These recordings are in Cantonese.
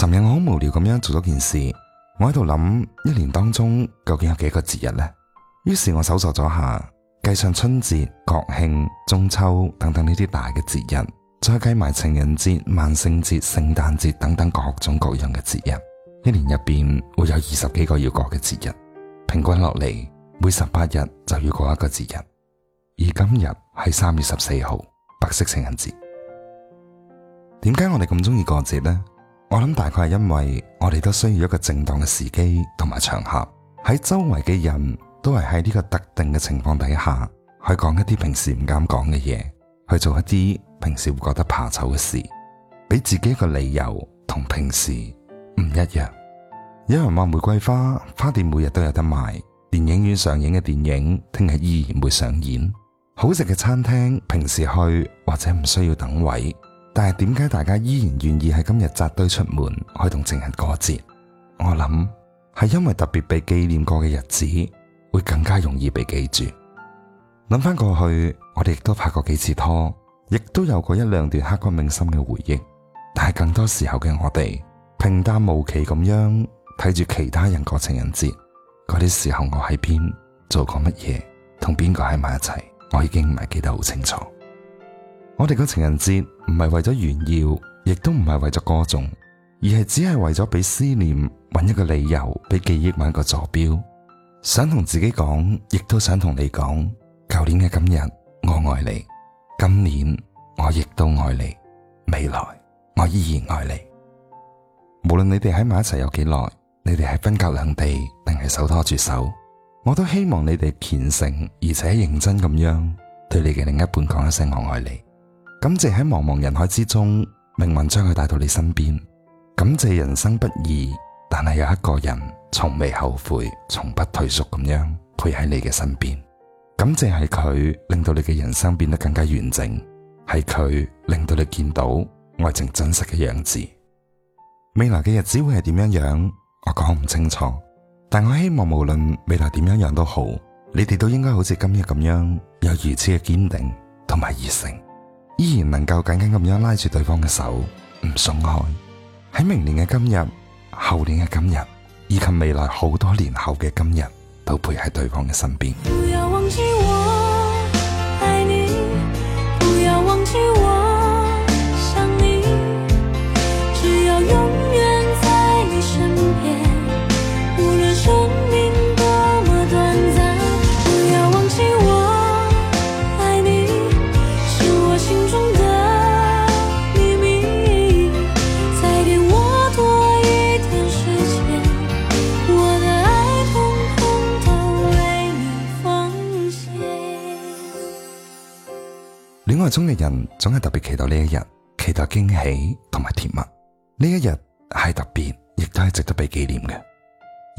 尋日我好無聊咁樣做咗件事，我喺度諗一年當中究竟有幾個節日呢？於是我搜索咗下，計上春節、國慶、中秋等等呢啲大嘅節日，再計埋情人節、萬聖節、聖誕節等等各種各樣嘅節日，一年入邊會有二十幾個要過嘅節日，平均落嚟，每十八日就要過一個節日。而今日係三月十四號，白色情人節。點解我哋咁中意過節呢？我諗大概係因為我哋都需要一個正當嘅時機同埋場合，喺周圍嘅人都係喺呢個特定嘅情況底下，去講一啲平時唔敢講嘅嘢，去做一啲平時會覺得怕醜嘅事，俾自己一個理由，同平時唔一樣。有人話玫瑰花花店每日都有得賣，電影院上映嘅電影聽日依然會上演，好食嘅餐廳平時去或者唔需要等位。但係點解大家依然願意喺今日紮堆出門去同情人過節？我諗係因為特別被紀念過嘅日子會更加容易被記住。諗翻過去，我哋亦都拍過幾次拖，亦都有過一兩段刻骨銘心嘅回憶。但係更多時候嘅我哋平淡無奇咁樣睇住其他人過情人節。嗰啲時候我喺邊做過乜嘢，同邊個喺埋一齊，我已經唔係記得好清楚。我哋個情人節唔係為咗炫耀，亦都唔係為咗歌頌，而係只係為咗俾思念揾一個理由，俾記憶揾一個坐標。想同自己講，亦都想同你講，舊年嘅今日我愛你，今年我亦都愛你，未來我依然愛你。無論你哋喺埋一齊有幾耐，你哋係分隔兩地定係手拖住手，我都希望你哋虔誠而且認真咁樣對你嘅另一半講一聲我愛你。感謝喺茫茫人海之中，命運將佢帶到你身邊。感謝人生不易，但係有一個人，從未後悔，從不退縮咁樣陪喺你嘅身邊。感謝係佢令到你嘅人生變得更加完整，係佢令到你見到愛情真實嘅樣子。未來嘅日子會係點樣樣，我講唔清楚，但我希望無論未來點樣樣都好，你哋都應該好似今日咁樣，有如此嘅堅定同埋熱誠，依然能夠緊緊咁樣拉住對方嘅手，唔鬆開。喺明年嘅今日，後年嘅今日，以及未來好多年後嘅今日，都陪喺對方嘅身邊。 戀愛中嘅人總係特別期待呢一日，期待驚喜同埋甜蜜。呢一日係特別，亦都係值得被紀念嘅。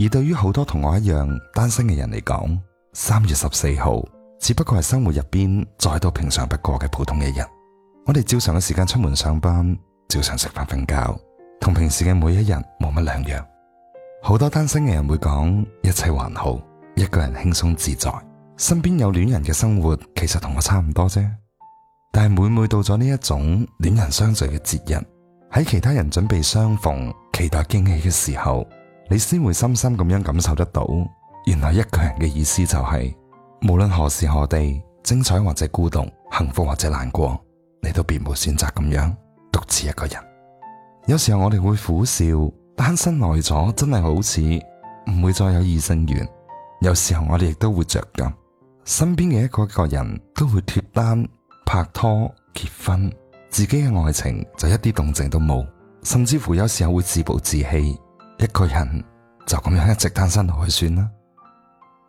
而對於好多同我一樣單身嘅人嚟講，三月十四號只不過係生活入邊再多平常不過嘅普通嘅一日。我哋照常嘅時間出門上班，照常食飯瞓覺，同平時嘅每一日冇乜兩樣。好多單身嘅人會講：一切還好，一個人輕鬆自在，身邊有戀人嘅生活其實同我差唔多啫。但係每每到咗呢一種戀人相聚嘅節日，喺其他人準備相逢、期待驚喜嘅時候，你先會深深咁樣感受得到，原來一個人嘅意思就係、是、無論何時何地，精彩或者孤獨，幸福或者難過，你都別無選擇咁樣獨自一個人。有時候我哋會苦笑，單身耐咗真係好似唔會再有異性緣。有時候我哋亦都會着咁，身邊嘅一個一個人都會脫單。拍拖，結婚，自己嘅愛情就一啲動靜都冇，甚至乎有時候會自暴自棄，一個人就咁樣一直單身落去算啦。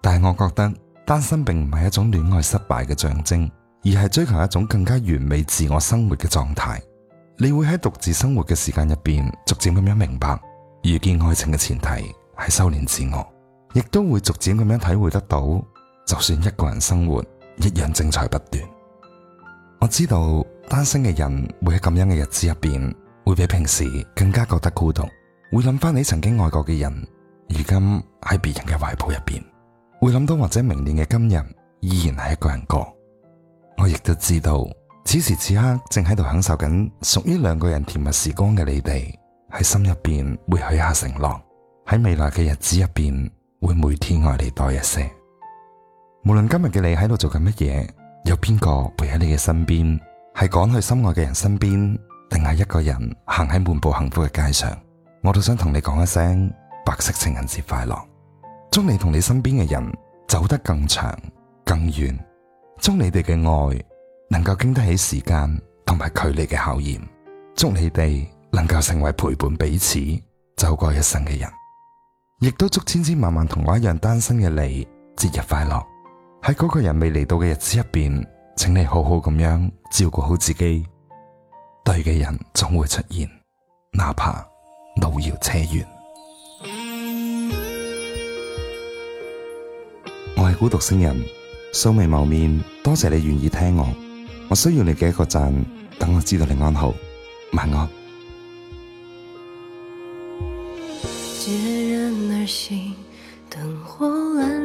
但係我覺得，單身並唔係一種戀愛失敗嘅象徵，而係追求一種更加完美自我生活嘅狀態。你會喺獨自生活嘅時間入邊，逐漸咁樣明白，遇見愛情嘅前提係修煉自我，亦都會逐漸咁樣體會得到，就算一個人生活，一樣精彩不斷。我知道單身嘅人會喺咁樣嘅日子入邊，會比平時更加覺得孤獨，會諗翻你曾經愛過嘅人，如今喺別人嘅懷抱入邊，會諗到或者明年嘅今日依然係一個人過。我亦都知道此時此刻正喺度享受緊屬於兩個人甜蜜時光嘅你哋，喺心入邊會許下承諾，喺未來嘅日子入邊會每天愛你多一些。無論今日嘅你喺度做緊乜嘢，有邊個陪喺你嘅身邊？係趕去心愛嘅人身邊，定係一個人行喺漫步幸福嘅街上？我都想同你講一聲白色情人節快樂！祝你同你身邊嘅人走得更長、更遠，祝你哋嘅愛能夠經得起時間同埋距離嘅考驗，祝你哋能夠成為陪伴彼此走過一生嘅人，亦都祝千千萬萬同我一樣單身嘅你節日快樂。喺嗰個人未嚟到嘅日子入邊，請你好好咁樣照顧好自己。對嘅人總會出現，哪怕路遙車遠。 我係孤獨星人，素未謀面，多謝你願意聽我。我需要你嘅一個讚，等我知道你安好，晚安。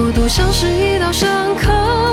孤獨像是一道傷口。